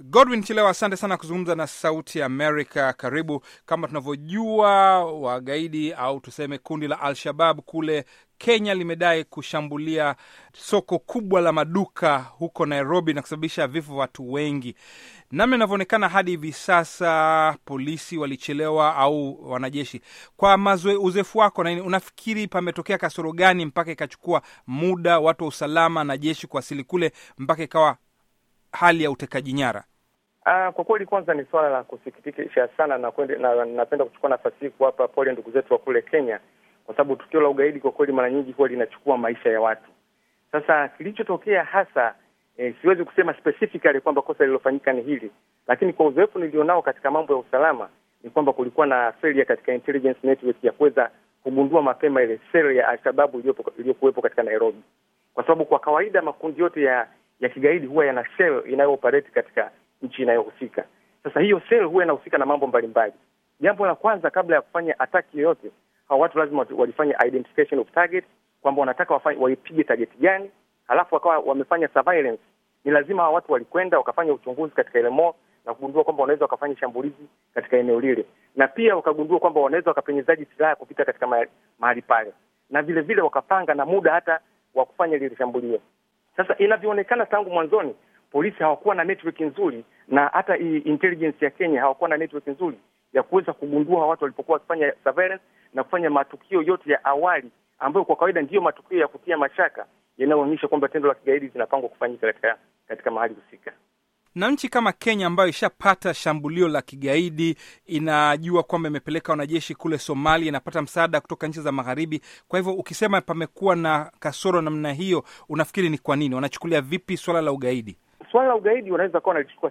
Godwin Chilewa, asante sana kuzungumza na Sauti Amerika. Karibu. Kama tunavyojua, wagaidi au tuseme kundi la Al-Shabab kule Kenya limedai kushambulia soko kubwa la maduka huko Nairobi na kusababisha vifo watu wengi. Namna inavyoonekana hadi hivi sasa, polisi walichelewa au wanajeshi? Kwa mazoe, uzoefu wako na nini, unafikiri pametokea kasoro gani mpaka ikachukua muda watu wa usalama na jeshi kuwasili kule mpaka ikawa hali ya utekaji nyara? Uh, kwa kweli kwanza ni suala la kusikitisha sana na napenda na kuchukua nafasi hii kuwapa pole ndugu zetu wa kule Kenya, kwa sababu tukio la ugaidi kwa kweli mara nyingi huwa linachukua maisha ya watu. Sasa kilichotokea hasa eh, siwezi kusema specifically kwamba kosa lililofanyika ni hili, lakini kwa uzoefu nilionao katika mambo ya usalama ni kwamba kulikuwa na failure katika intelligence network ya kuweza kugundua mapema ile seli ya Alshababu iliyokuwepo katika Nairobi, kwa sababu kwa kawaida makundi yote ya ya kigaidi huwa yana sel inayooperate katika nchi inayohusika. Sasa hiyo sel huwa inahusika na mambo mbalimbali. Jambo la kwanza, kabla ya kufanya ataki yoyote, hawa watu lazima walifanya identification of target, kwamba wanataka waipige target gani, halafu wakawa wamefanya surveillance. Ni lazima hawa watu walikwenda wakafanya uchunguzi katika ile mall na kugundua kwamba wanaweza wakafanya shambulizi katika eneo lile, na pia wakagundua kwamba wanaweza wakapenyezaji silaha kupita katika mahali pale, na vile vile wakapanga na muda hata wa kufanya lile shambulio. Sasa inavyoonekana tangu mwanzoni polisi hawakuwa na network nzuri, na hata intelligence ya Kenya hawakuwa na network nzuri ya kuweza kugundua watu walipokuwa wakifanya surveillance na kufanya matukio yote ya awali ambayo kwa kawaida ndiyo matukio ya kutia mashaka yanayoonyesha kwamba tendo la kigaidi zinapangwa kufanyika katika katika mahali husika na nchi kama Kenya ambayo ishapata shambulio la kigaidi, inajua kwamba imepeleka wanajeshi kule Somalia, inapata msaada kutoka nchi za magharibi. Kwa hivyo ukisema pamekuwa na kasoro namna hiyo, unafikiri ni kwa nini? Wanachukulia vipi swala la ugaidi? Swala la ugaidi wanaweza kuwa wanalichukua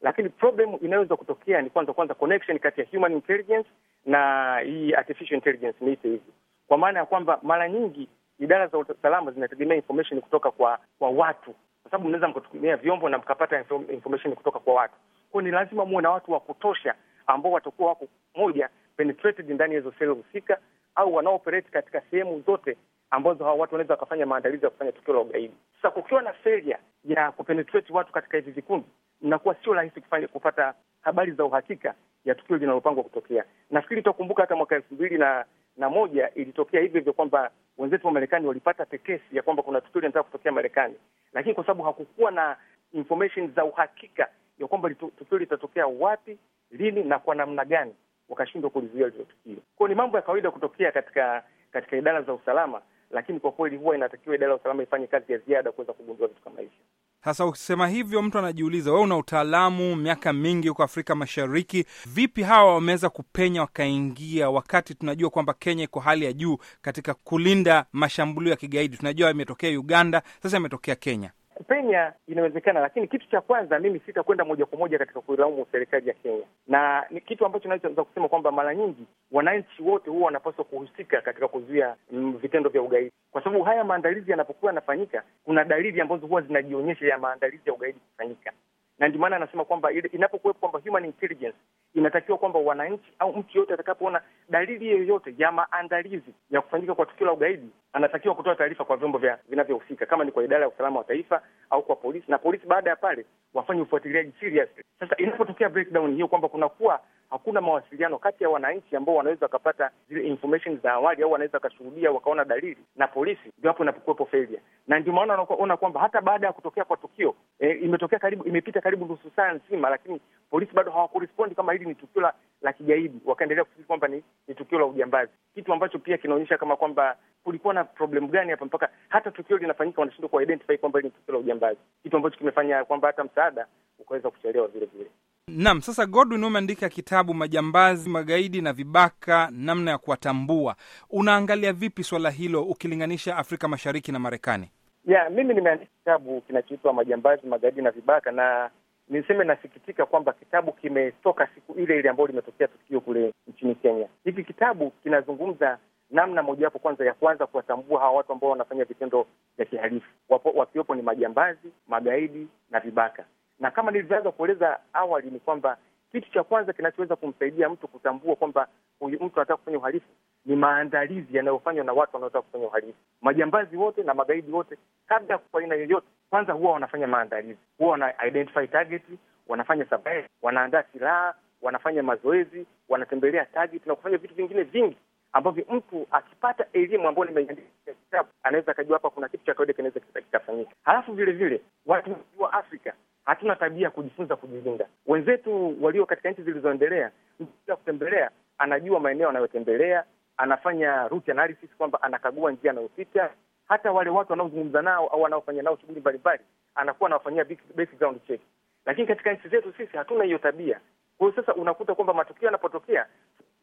lakini problem inayoweza kutokea ni kwanza kwanza connection kati ya human intelligence na hii artificial intelligence, niite hivi, kwa maana ya kwamba mara nyingi idara za usalama zinategemea information kutoka kwa kwa watu kwa sababu mnaweza mkatumia vyombo na mkapata information kutoka kwa watu. Kwa ni lazima muwe na watu wa kutosha ambao watakuwa wako moja penetrated ndani ya hizo sehemu husika, au wanaoperate katika sehemu zote ambazo hawa watu wanaweza wakafanya maandalizi ya kufanya tukio la ugaidi. Sasa kukiwa na failure ya kupenetrate watu katika hivi vikundi, mnakuwa sio rahisi kufanya kupata habari za uhakika ya tukio linalopangwa kutokea. Nafikiri tutakumbuka hata mwaka elfu mbili na na moja ilitokea hivyo hivyo kwamba wenzetu wa Marekani walipata tetesi ya kwamba kuna tukio linataka kutokea Marekani, lakini kwa sababu hakukuwa na information za uhakika ya kwamba tukio litatokea wapi, lini na kwa namna gani, wakashindwa kulizuia lilo tukio. Kwao ni mambo ya kawaida kutokea katika katika idara za usalama, lakini kwa kweli huwa inatakiwa idara ya usalama ifanye kazi ya ziada kuweza kugundua vitu kama hivyo. Sasa ukisema hivyo, mtu anajiuliza, wewe una utaalamu miaka mingi huko Afrika Mashariki, vipi hawa wameweza kupenya wakaingia, wakati tunajua kwamba Kenya iko hali ya juu katika kulinda mashambulio ya kigaidi? Tunajua imetokea Uganda, sasa imetokea Kenya. kupenya inawezekana, lakini kitu cha kwanza mimi sitakwenda moja kwa moja katika kuilaumu serikali ya Kenya, na ni kitu ambacho naweza kusema kwamba mara nyingi wananchi wote huwa wanapaswa kuhusika katika kuzuia mm, vitendo vya ugaidi kwa sababu haya maandalizi yanapokuwa yanafanyika, kuna dalili ambazo huwa zinajionyesha ya maandalizi ya ugaidi kufanyika, na ndio maana anasema kwamba inapokuwepo kwamba human intelligence inatakiwa kwamba wananchi au mtu yoyote atakapoona dalili yoyote ya maandalizi ya kufanyika kwa tukio la ugaidi anatakiwa kutoa taarifa kwa vyombo vya vinavyohusika, kama ni kwa idara ya usalama wa taifa au kwa polisi, na polisi baada ya pale wafanye ufuatiliaji serious. Sasa inapotokea breakdown hiyo kwamba kunakuwa hakuna mawasiliano kati ya wananchi ambao wanaweza wakapata zile information za awali au wanaweza wakashuhudia wakaona dalili na polisi, ndio hapo inapokuwepo failure, na ndio maana unaona kwamba hata baada ya kutokea kwa tukio e, imetokea karibu, imepita karibu nusu saa nzima, lakini polisi bado hawakurespondi kama hili ni tukio la, la kigaidi, wakaendelea kufikiri kwamba ni, ni tukio la ujambazi, kitu ambacho pia kinaonyesha kama kwamba kulikuwa na problem gani hapa mpaka hata tukio linafanyika wanashindwa identify kwamba ni tukio la ujambazi, kitu ambacho kimefanya kwamba hata msaada ukaweza kuchelewa vile vile. Naam, sasa Godwin, umeandika kitabu Majambazi, Magaidi na Vibaka, namna ya kuwatambua. Unaangalia vipi swala hilo ukilinganisha Afrika Mashariki na Marekani? Yeah, mimi nimeandika kitabu kinachoitwa Majambazi, Magaidi na Vibaka, na niseme nasikitika kwamba kitabu kimetoka siku ile ile ambayo limetokea tukio kule nchini Kenya. Hiki kitabu kinazungumza namna mojawapo kwanza ya kwanza kuwatambua hawa watu ambao wanafanya vitendo vya kihalifu, wakiwepo ni majambazi, magaidi na vibaka. Na kama nilivyoanza kueleza awali, ni kwamba kitu cha kwanza kinachoweza kumsaidia mtu kutambua kwamba huyu mtu anataka kufanya uhalifu ni maandalizi yanayofanywa na watu wanaotaka kufanya uhalifu. Majambazi wote na magaidi wote, kabla ya kufanya aina yoyote, kwanza huwa wanafanya maandalizi, huwa wana identify target, wanafanya surveillance, wanaandaa silaha, wanafanya mazoezi, wanatembelea target na kufanya vitu vingine vingi ambavyo mtu akipata elimu ambayo nimeiandika kitabu anaweza akajua hapa kuna kitu cha kawaida kinaweza kikafanyika. Halafu vile vile watu wa Afrika hatuna tabia ya kujifunza kujilinda. Wenzetu walio katika nchi zilizoendelea, mtu ya kutembelea anajua maeneo anayotembelea, anafanya route analysis, kwamba anakagua njia anayopita. Hata wale watu wanaozungumza nao au wanaofanya nao shughuli mbalimbali, anakuwa anawafanyia background check, lakini katika nchi zetu sisi hatuna hiyo tabia. Kwa hiyo sasa unakuta kwamba matukio yanapotokea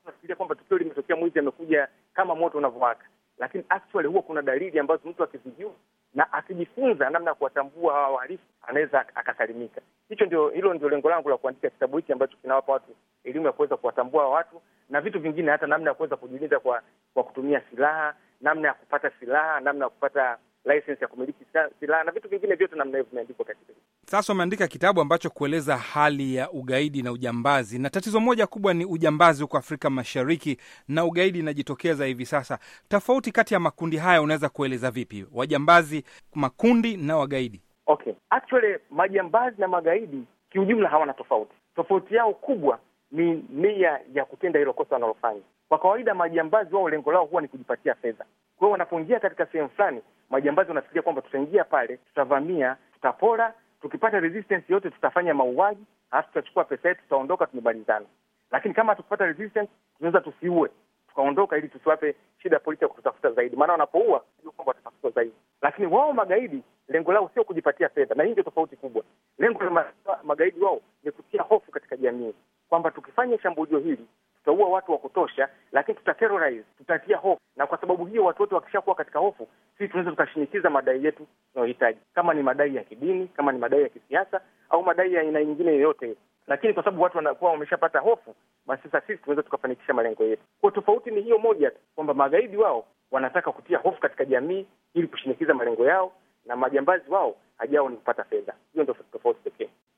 tunafikiria kwamba tukio limetokea, mwizi amekuja kama moto unavyowaka, lakini actually huwa kuna dalili ambazo mtu akizijua na akijifunza namna ya kuwatambua hawa wahalifu anaweza akasalimika. Hicho ndio, hilo ndio lengo langu la kuandika kitabu hiki ambacho kinawapa watu elimu ya kuweza kuwatambua watu na vitu vingine, hata namna ya kuweza kujilinda kwa kwa kutumia silaha, namna ya kupata silaha, namna ya kupata license ya kumiliki silaha na vitu vingine vyote namna hiyo vimeandikwa katika sasa umeandika kitabu ambacho kueleza hali ya ugaidi na ujambazi, na tatizo moja kubwa ni ujambazi huko Afrika Mashariki na ugaidi inajitokeza hivi sasa. Tofauti kati ya makundi haya unaweza kueleza vipi, wajambazi makundi na wagaidi? Okay, actually majambazi na magaidi kiujumla hawana tofauti. Tofauti yao kubwa ni nia ya kutenda hilo kosa wanalofanya. Kwa kawaida, majambazi wao lengo lao huwa ni kujipatia fedha. Kwa hiyo wanapoingia katika sehemu fulani, majambazi wanafikiria kwamba tutaingia pale, tutavamia, tutapora tukipata resistance yote tutafanya mauaji, halafu tutachukua pesa yetu, tutaondoka, tumebalizana. Lakini kama tukipata resistance, tunaweza tusiue, tukaondoka, ili tusiwape shida polisi ya kututafuta zaidi, maana wanapoua kwamba watatafuta zaidi. Lakini wao magaidi, lengo lao sio kujipatia fedha, na hii ndio tofauti kubwa. Lengo la magaidi wao ni kutia hofu katika jamii kwamba tukifanya shambulio hili tutaua watu wa kutosha, lakini tutaterrorize, tutatia hofu. Na kwa sababu hiyo, watu wote wakishakuwa katika hofu, sisi tunaweza tukashinikiza madai yetu tunayohitaji, kama ni madai ya kidini, kama ni madai ya kisiasa, au madai ya aina nyingine yoyote. Lakini kwa sababu watu wanakuwa wameshapata hofu, basi sasa sisi tunaweza tukafanikisha malengo yetu. Kwa tofauti ni hiyo moja tu, kwamba magaidi wao wanataka kutia hofu katika jamii ili kushinikiza malengo yao, na majambazi wao hajao ni kupata fedha.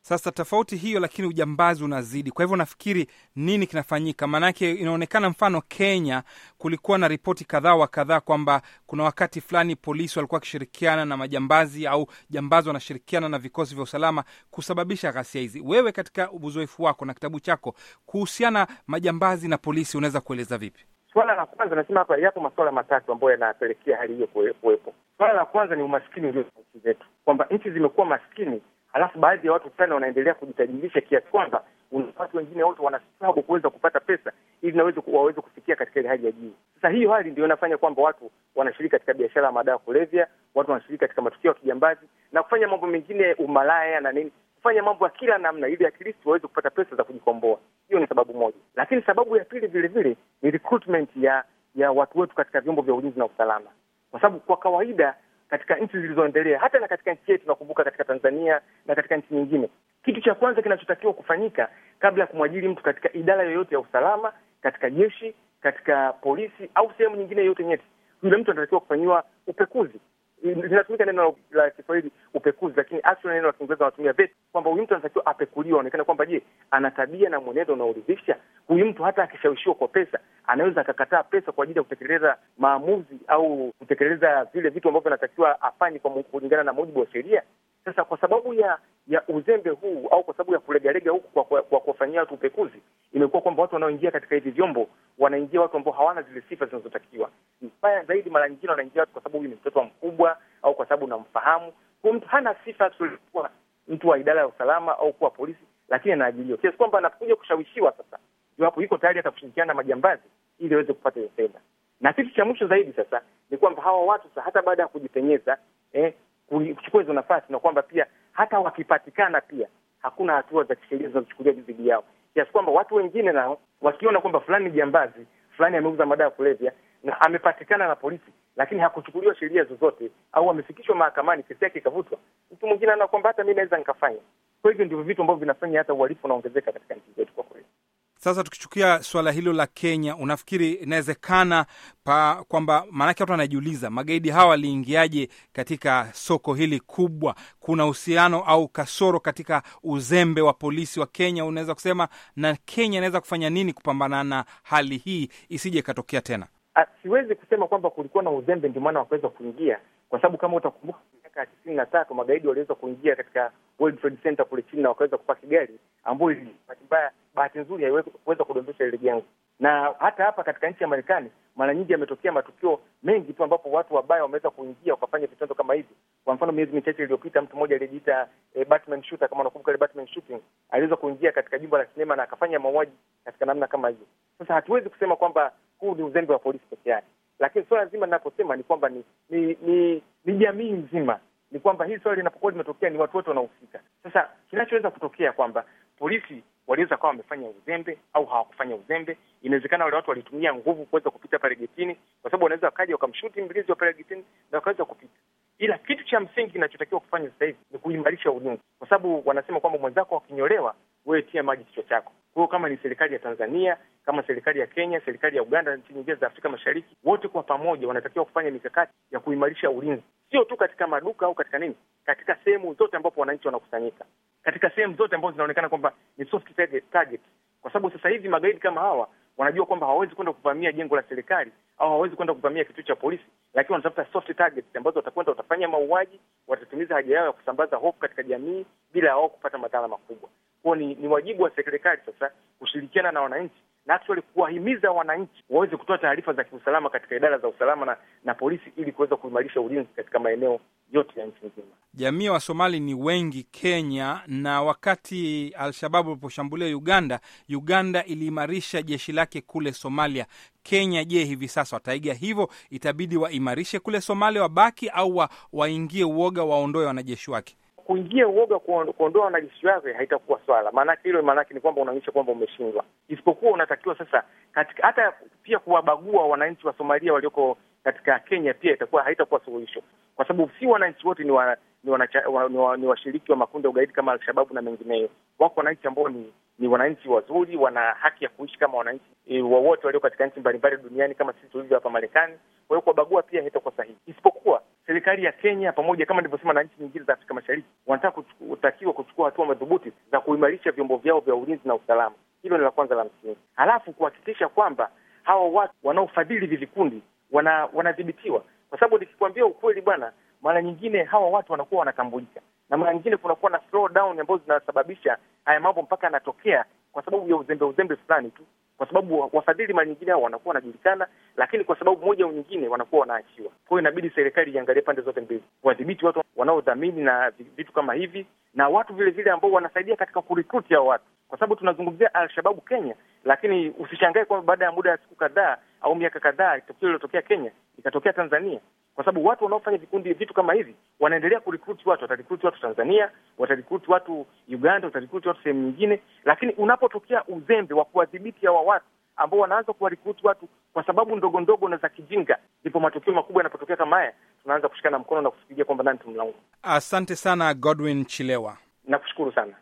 Sasa tofauti hiyo, lakini ujambazi unazidi. Kwa hivyo nafikiri nini kinafanyika? Maanake inaonekana mfano Kenya kulikuwa na ripoti kadhaa wa kadhaa kwamba kuna wakati fulani polisi walikuwa wakishirikiana na majambazi au jambazi wanashirikiana na vikosi vya usalama kusababisha ghasia hizi. Wewe katika uzoefu wako na kitabu chako kuhusiana majambazi na polisi, unaweza kueleza vipi? Swala la kwanza nasema hapa, yapo masuala matatu ambayo yanapelekea hali hiyo kuwepo. Swala la kwanza ni umaskini ulio nchi zetu, kwamba nchi zimekuwa maskini alafu baadhi ya watu sana wanaendelea kujitajirisha kiasi kwamba watu wengine wote wanasabu kuweza kupata pesa ili naweze waweze kufikia katika ile hali ya juu. Sasa hiyo hali ndio inafanya kwamba watu wanashiriki katika biashara ya madawa kulevya, watu wanashiriki katika matukio ya kijambazi na kufanya mambo mengine, umalaya na nini, kufanya mambo ya kila namna ili at waweze kupata pesa za kujikomboa. Hiyo ni sababu moja, lakini sababu ya pili vile vile ni recruitment ya ya watu wetu katika vyombo vya ulinzi na usalama, kwa sababu kwa kawaida katika nchi zilizoendelea, hata na katika nchi yetu, nakumbuka katika Tanzania na katika nchi nyingine. Kitu cha kwanza kinachotakiwa kufanyika kabla ya kumwajiri mtu katika idara yoyote ya usalama, katika jeshi, katika polisi au sehemu nyingine yoyote nyeti, yule mtu anatakiwa kufanyiwa upekuzi linatumika neno la Kiswahili upekuzi, lakini actually neno la Kiingereza wanatumia vet, kwamba huyu mtu anatakiwa apekuliwa, aonekana kwamba je, ana tabia na mwenendo unaoridhisha. Huyu mtu hata akishawishiwa kwa pesa anaweza akakataa pesa kwa ajili ya kutekeleza maamuzi au kutekeleza vile vitu ambavyo anatakiwa afanye kulingana na mujibu wa sheria. Sasa kwa sababu ya ya uzembe huu au kwa sababu ya kulegalega huku kwa, kwa, kwa kuwafanyia watu upekuzi, imekuwa kwamba watu wanaoingia katika hivi vyombo wanaingia watu ambao hawana zile sifa zinazotakiwa. Mbaya zaidi, mara nyingine wanaingia watu kwa sababu huyu ni mtoto wa mkubwa au kwa sababu namfahamu, kwa mtu hana sifa tulikuwa mtu wa idara ya usalama au kuwa polisi, lakini anaajiliwa kiasi kwamba anakuja kushawishiwa sasa, iwapo yuko tayari hata kushirikiana na majambazi ili aweze kupata hiyo fedha. Na kitu cha mwisho zaidi sasa ni kwamba hawa watu sasa, hata baada ya kujipenyeza eh, kuchukua hizo nafasi, na kwamba pia hata wakipatikana pia hakuna hatua za kisheria zinazochukuliwa dhidi yao, kiasi kwamba watu wengine nao wakiona kwamba fulani ni jambazi, fulani ameuza madawa ya kulevya na amepatikana na polisi, lakini hakuchukuliwa sheria zozote au amefikishwa mahakamani, kesi yake ikavutwa, mtu mwingine anaona kwamba hata mi naweza nikafanya. Kwa hivyo ndivyo vitu ambavyo vinafanya hata uhalifu unaongezeka katika nchi. Sasa tukichukia suala hilo la Kenya, unafikiri inawezekana pa kwamba, maanake watu wanajiuliza magaidi hawa waliingiaje katika soko hili kubwa? Kuna uhusiano au kasoro katika uzembe wa polisi wa Kenya, unaweza kusema, na Kenya inaweza kufanya nini kupambana na hali hii isije ikatokea tena? Ah, siwezi kusema kwamba kulikuwa na uzembe ndio maana wakaweza kuingia, kwa sababu kama utakumbuka miaka ya tisini na tatu magaidi waliweza kuingia katika World Trade Center kule China na wakaweza kupaki gari ambayo bahati mbaya bahati nzuri haiweza kudondosha lile jengo. Na hata hapa katika nchi ya Marekani mara nyingi yametokea matukio mengi tu ambapo watu wabaya wameweza kuingia wakafanya vitendo kama hivi. Kwa mfano, miezi michache iliyopita mtu mmoja aliyejiita eh, Batman shooter, kama unakumbuka ile Batman shooting, aliweza kuingia katika jumba la sinema na akafanya mauaji katika namna kama hiyo. Sasa hatuwezi kusema kwamba huu ni uzembe wa polisi peke yake, lakini swala zima linaposema ni kwamba ni ni ni, ni jamii nzima ni kwamba hii swala linapokuwa limetokea ni watu wote wanahusika. Sasa kinachoweza kutokea kwamba polisi waliweza kawa wamefanya uzembe au hawakufanya uzembe. Inawezekana wale watu walitumia nguvu kuweza kupita pale getini, kwa sababu wanaweza wakaja wakamshuti mlinzi wa pale getini na wakaweza kupita. Ila kitu cha msingi kinachotakiwa kufanya sasa hivi ni kuimarisha ulinzi, kwa sababu wanasema kwamba mwenzako akinyolewa, wewe tia maji kichwa chako. Kwa hiyo kama ni serikali ya Tanzania, kama serikali ya Kenya, serikali ya Uganda na nchi nyingine za Afrika Mashariki, wote kwa pamoja wanatakiwa kufanya mikakati ya kuimarisha ulinzi sio tu katika maduka au katika nini, katika sehemu zote ambapo wananchi wanakusanyika, katika sehemu zote ambazo zinaonekana kwamba ni soft target, target. Kwa sababu sasa hivi magaidi kama hawa wanajua kwamba hawawezi kwenda kuvamia jengo la serikali au hawawezi kwenda kuvamia kituo cha polisi, lakini wanatafuta soft targets ambazo watakwenda, watafanya mauaji, watatimiza haja yao ya kusambaza hofu katika jamii bila ya wao kupata madhara makubwa. Kwao ni, ni wajibu wa serikali sasa kushirikiana na wananchi na actually kuwahimiza wananchi waweze kutoa taarifa za kiusalama katika idara za usalama na, na polisi ili kuweza kuimarisha ulinzi katika maeneo yote ya nchi nzima. Jamii ya Wasomali ni wengi Kenya, na wakati Al-Shababu Uganda, Uganda iliimarisha jeshi lake kule Somalia. Kenya je, hivi sasa wataiga hivyo? Itabidi waimarishe kule Somalia, wabaki au waingie uoga, waondoe wanajeshi wake? kuingia uoga kuondoa wanajeshi wake haitakuwa swala, maanake hilo maanake ni kwamba unaonyesha kwamba umeshindwa, isipokuwa unatakiwa sasa katika, hata pia kuwabagua wananchi wa Somalia walioko katika Kenya pia itakuwa haitakuwa suluhisho, kwa sababu si wananchi wote ni wa, ni washiriki wa, ni wa, ni washiriki wa makundi ya ugaidi kama Alshababu na mengineyo. Wako wananchi ambao ni, ni wananchi wazuri, wana haki ya kuishi kama wananchi e, wowote walio katika nchi mbalimbali duniani kama sisi tulivyo hapa Marekani. Kwa hiyo kuwabagua pia haitakuwa sahihi, isipokuwa serikali ya Kenya pamoja kama nilivyosema na nchi nyingine za Afrika Mashariki wanataka kutakiwa kuchukua hatua madhubuti za kuimarisha vyombo vyao vya ulinzi na usalama. Hilo ni la kwanza la msingi, halafu kuhakikisha kwamba hawa watu wanaofadhili hivi vikundi wana- wanadhibitiwa, kwa sababu nikikwambia ukweli bwana, mara nyingine hawa watu wanakuwa wanatambulika na mara nyingine kunakuwa na slow down ambazo zinasababisha haya mambo mpaka yanatokea kwa sababu ya uzembe uzembe fulani tu kwa sababu wafadhili mara nyingine hao wanakuwa wanajulikana, lakini kwa sababu moja au nyingine wanakuwa wanaachiwa. Kwa hiyo inabidi serikali iangalie pande zote mbili, wadhibiti watu wanaodhamini na vitu kama hivi, na watu vile vile ambao wanasaidia katika kurikruti hao watu, kwa sababu tunazungumzia Alshababu Kenya, lakini usishangae kwamba baada ya muda ya siku kadhaa au miaka kadhaa tukio iliotokea Kenya ikatokea Tanzania kwa sababu watu wanaofanya vikundi vitu kama hivi wanaendelea kurikruti watu, watarikruti watu Tanzania, watarikruti watu Uganda, watarikruti watu sehemu nyingine, lakini unapotokea uzembe wa kuwadhibiti hawa watu ambao wanaanza kuwarikruti watu kwa sababu ndogo ndogo na za kijinga, ndipo matukio makubwa yanapotokea kama haya, tunaanza kushikana mkono na kufikiria kwamba nani tumlaumu. Asante sana Godwin Chilewa, nakushukuru sana.